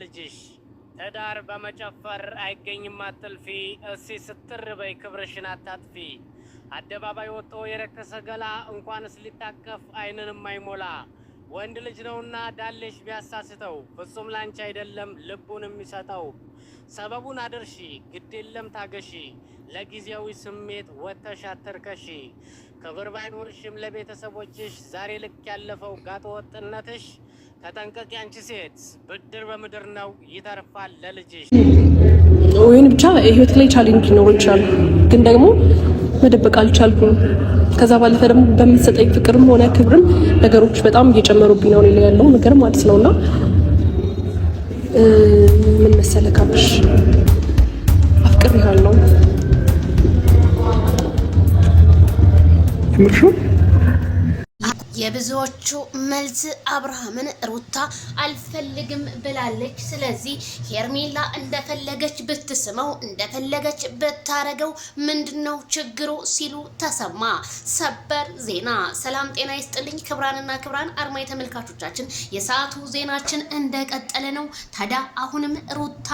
ልጅሽ ትዳር በመጨፈር አይገኝም አትልፊ። እሲ ስትር በይ ክብርሽን አታጥፊ። አደባባይ ወጥቶ የረከሰ ገላ እንኳንስ ሊታቀፍ አይንንም አይሞላ። ወንድ ልጅ ነውና ዳሌሽ ቢያሳስተው ፍጹም ላንቺ አይደለም ልቡን የሚሰጠው። ሰበቡን አድርሺ ግዴለም ታገሺ፣ ለጊዜያዊ ስሜት ወጥተሽ አትርከሺ። ክብር ባይኖርሽም ለቤተሰቦችሽ ዛሬ ልክ ያለፈው ጋጠወጥነትሽ ተጠንቀቂ አንቺ ሴት፣ ብድር በምድር ነው ይተርፋል ለልጅሽ። ወይን ብቻ ህይወት ላይ ቻሌንጅ ሊኖር ይችላል፣ ግን ደግሞ መደበቅ አልቻልኩም። ከዛ ባለፈ ደግሞ በምትሰጠኝ ፍቅርም ሆነ ክብርም ነገሮች በጣም እየጨመሩብኝ ነው ላይ ያለው ነገር ማለት ነው እና ምን መሰለ ካብሽ አፍቅር ያለው ምርሹ የብዙዎቹ መልስ አብርሃምን ሩታ አልፈልግም ብላለች። ስለዚህ ሄርሜላ እንደፈለገች ብትስመው እንደፈለገች ብታረገው ምንድነው ችግሩ ሲሉ ተሰማ። ሰበር ዜና። ሰላም ጤና ይስጥልኝ ክብራንና ክብራን አድማጭ ተመልካቾቻችን፣ የሰዓቱ ዜናችን እንደቀጠለ ነው። ታዲያ አሁንም ሩታ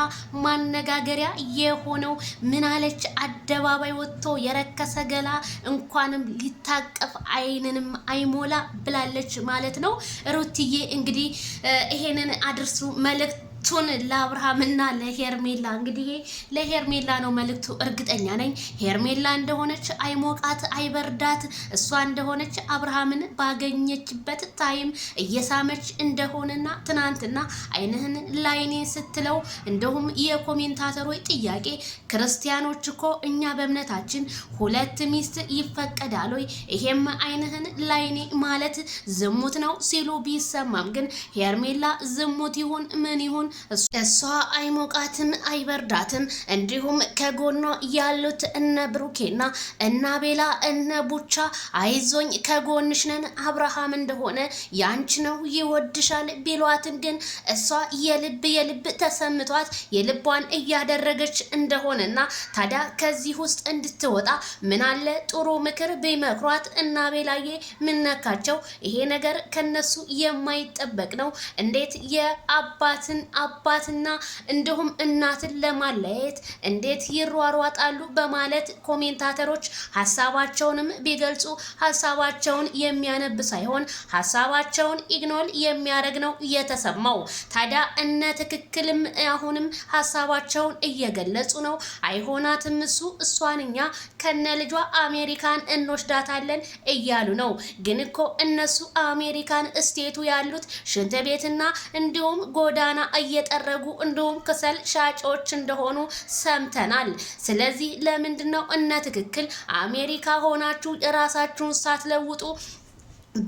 ማነጋገሪያ የሆነው ምናለች አደባባይ ወጥቶ የረከሰ ገላ እንኳንም ሊታቀፍ አይንንም አይሞላ ብላለች ማለት ነው። ሩትዬ እንግዲህ ይሄንን አድርሱ መልእክት መልእክቱን ለአብርሃምና ለሄርሜላ እንግዲህ ለሄርሜላ ነው መልእክቱ። እርግጠኛ ነኝ ሄርሜላ እንደሆነች አይሞቃት አይበርዳት፣ እሷ እንደሆነች አብርሃምን ባገኘችበት ታይም እየሳመች እንደሆነና ትናንትና አይንህን ላይኔ ስትለው እንደውም የኮሜንታተሮች ጥያቄ ክርስቲያኖች እኮ እኛ በእምነታችን ሁለት ሚስት ይፈቀዳል ወይ ይሄም አይንህን ላይኔ ማለት ዝሙት ነው ሲሉ ቢሰማም ግን ሄርሜላ ዝሙት ይሁን ምን ይሁን እሷ አይሞቃትም አይበርዳትም። እንዲሁም ከጎኗ ያሉት እነ ብሩኬና እነ ቤላ እነ ቡቻ አይዞኝ ከጎንሽ ነን፣ አብርሃም እንደሆነ ያንች ነው ይወድሻል ቢሏትም ግን እሷ የልብ የልብ ተሰምቷት የልቧን እያደረገች እንደሆነና ታዲያ ከዚህ ውስጥ እንድትወጣ ምናለ ጥሩ ምክር ቢመክሯት እና ቤላዬ ምነካቸው ይሄ ነገር ከነሱ የማይጠበቅ ነው። እንዴት የአባትን አባትና እንዲሁም እናትን ለማለየት እንዴት ይሯሯጣሉ በማለት ኮሜንታተሮች ሀሳባቸውንም ቢገልጹ ሀሳባቸውን የሚያነብ ሳይሆን ሀሳባቸውን ኢግኖል የሚያደርግ ነው የተሰማው። ታዲያ እነ ትክክልም አሁንም ሀሳባቸውን እየገለጹ ነው። አይሆናትም እሱ እሷን እኛ ከነ ልጇ አሜሪካን እንወስዳታለን እያሉ ነው። ግን እኮ እነሱ አሜሪካን ስቴቱ ያሉት ሽንት ቤትና እንዲሁም ጎዳና እየጠረጉ እንዲሁም ክሰል ሻጮች እንደሆኑ ሰምተናል። ስለዚህ ለምንድን ነው እነ ትክክል አሜሪካ ሆናችሁ የራሳችሁን ሳትለውጡ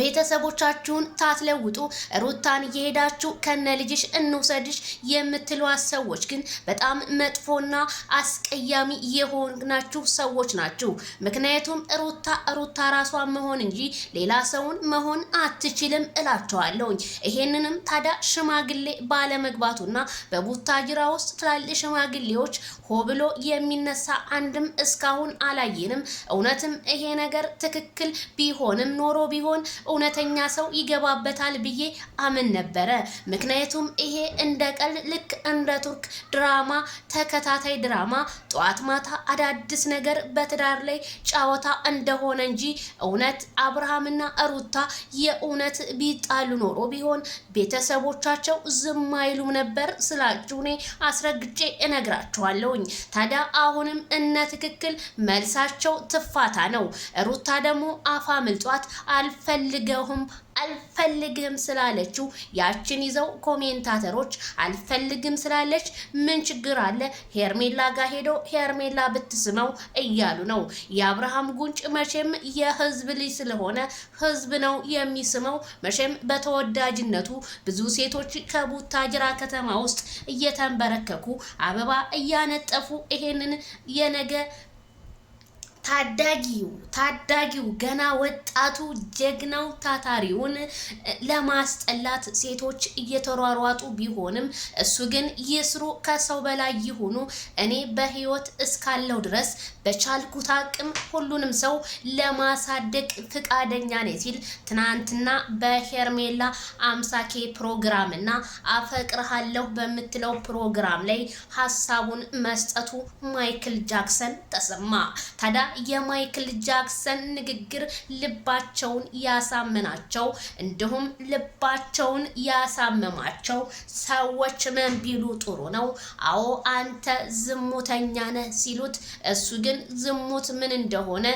ቤተሰቦቻችሁን ታትለውጡ ሩታን እየሄዳችሁ ከነ ልጅሽ እንውሰድሽ የምትሏት ሰዎች ግን በጣም መጥፎና አስቀያሚ የሆናችሁ ሰዎች ናችሁ። ምክንያቱም ሩታ ሩታ ራሷ መሆን እንጂ ሌላ ሰውን መሆን አትችልም እላችኋለሁኝ። ይሄንንም ታዲያ ሽማግሌ ባለመግባቱና በቡታጅራ ውስጥ ትላልቅ ሽማግሌዎች ሆ ብሎ የሚነሳ አንድም እስካሁን አላየንም። እውነትም ይሄ ነገር ትክክል ቢሆንም ኖሮ ቢሆን እውነተኛ ሰው ይገባበታል ብዬ አምን ነበረ። ምክንያቱም ይሄ እንደ ቀል ልክ እንደ ቱርክ ድራማ ተከታታይ ድራማ ጠዋት ማታ አዳዲስ ነገር በትዳር ላይ ጫወታ እንደሆነ እንጂ እውነት አብርሃምና ሩታ የእውነት ቢጣሉ ኖሮ ቢሆን ቤተሰቦቻቸው ዝም አይሉም ነበር ስላችሁ እኔ አስረግጬ እነግራችኋለሁኝ። ታዲያ አሁንም እነ ትክክል መልሳቸው ትፋታ ነው። ሩታ ደግሞ አፋ ምልጧት አልፈል አልፈልገውም አልፈልግህም ስላለችው ያችን ይዘው ኮሜንታተሮች አልፈልግም ስላለች ምን ችግር አለ? ሄርሜላ ጋር ሄደው ሄርሜላ ብትስመው እያሉ ነው። የአብርሃም ጉንጭ መቼም የህዝብ ልጅ ስለሆነ ህዝብ ነው የሚስመው። መቼም በተወዳጅነቱ ብዙ ሴቶች ከቡታጅራ ከተማ ውስጥ እየተንበረከኩ አበባ እያነጠፉ ይሄንን የነገ ታዳጊው ታዳጊው ገና ወጣቱ ጀግናው ታታሪውን ለማስጠላት ሴቶች እየተሯሯጡ ቢሆንም እሱ ግን ይስሩ ከሰው በላይ ይሁኑ፣ እኔ በህይወት እስካለው ድረስ በቻልኩት አቅም ሁሉንም ሰው ለማሳደግ ፍቃደኛ ነኝ ሲል ትናንትና በሄርሜላ አምሳኬ ፕሮግራም እና አፈቅርሃለሁ በምትለው ፕሮግራም ላይ ሀሳቡን መስጠቱ ማይክል ጃክሰን ተሰማ ታዲያ የማይክል ጃክሰን ንግግር ልባቸውን ያሳመናቸው እንዲሁም ልባቸውን ያሳመማቸው ሰዎች ምን ቢሉ ጥሩ ነው? አዎ አንተ ዝሙተኛ ነህ ሲሉት፣ እሱ ግን ዝሙት ምን እንደሆነ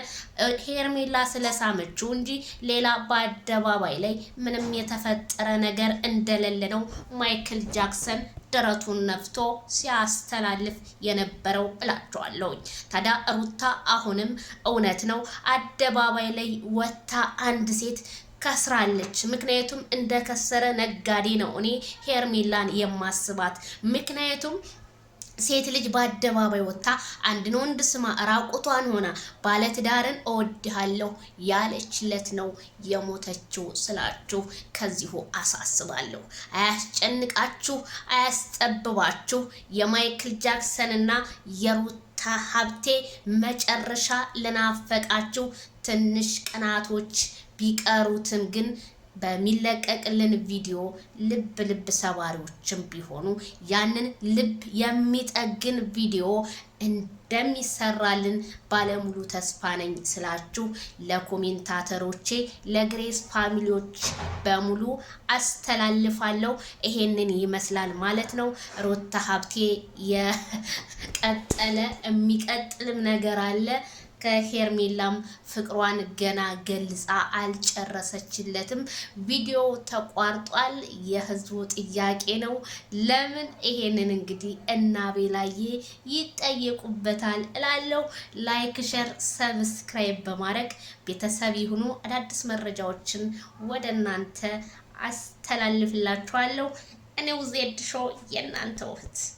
ሄርሜላ ስለሳመችው እንጂ ሌላ በአደባባይ ላይ ምንም የተፈጠረ ነገር እንደሌለ ነው ማይክል ጃክሰን ደረቱን ነፍቶ ሲያስተላልፍ የነበረው እላቸዋለሁኝ። ታዲያ ሩታ አሁንም እውነት ነው አደባባይ ላይ ወታ አንድ ሴት ከስራለች። ምክንያቱም እንደከሰረ ነጋዴ ነው እኔ ሄርሜላን የማስባት ምክንያቱም ሴት ልጅ በአደባባይ ወጥታ አንድን ወንድ ስማ ራቁቷን ሆና ባለትዳርን እወድሃለሁ ያለችለት ነው የሞተችው ስላችሁ ከዚሁ አሳስባለሁ። አያስጨንቃችሁ፣ አያስጠብባችሁ። የማይክል ጃክሰንና የሩታ ሀብቴ መጨረሻ ለናፈቃችሁ ትንሽ ቀናቶች ቢቀሩትም ግን በሚለቀቅልን ቪዲዮ ልብ ልብ ሰባሪዎችም ቢሆኑ ያንን ልብ የሚጠግን ቪዲዮ እንደሚሰራልን ባለሙሉ ተስፋ ነኝ ስላችሁ ለኮሜንታተሮቼ ለግሬስ ፋሚሊዎች በሙሉ አስተላልፋለሁ። ይሄንን ይመስላል ማለት ነው። ሮታ ሀብቴ የቀጠለ የሚቀጥልም ነገር አለ። ከሄርሜላም ፍቅሯን ገና ገልጻ አልጨረሰችለትም። ቪዲዮ ተቋርጧል። የህዝቡ ጥያቄ ነው። ለምን ይሄንን እንግዲህ እና ቤላዬ ይጠየቁበታል እላለሁ። ላይክ፣ ሸር፣ ሰብስክራይብ በማድረግ ቤተሰብ ይሁኑ። አዳዲስ መረጃዎችን ወደ እናንተ አስተላልፍላችኋለሁ። እኔው ዜድ የእናንተ ውህት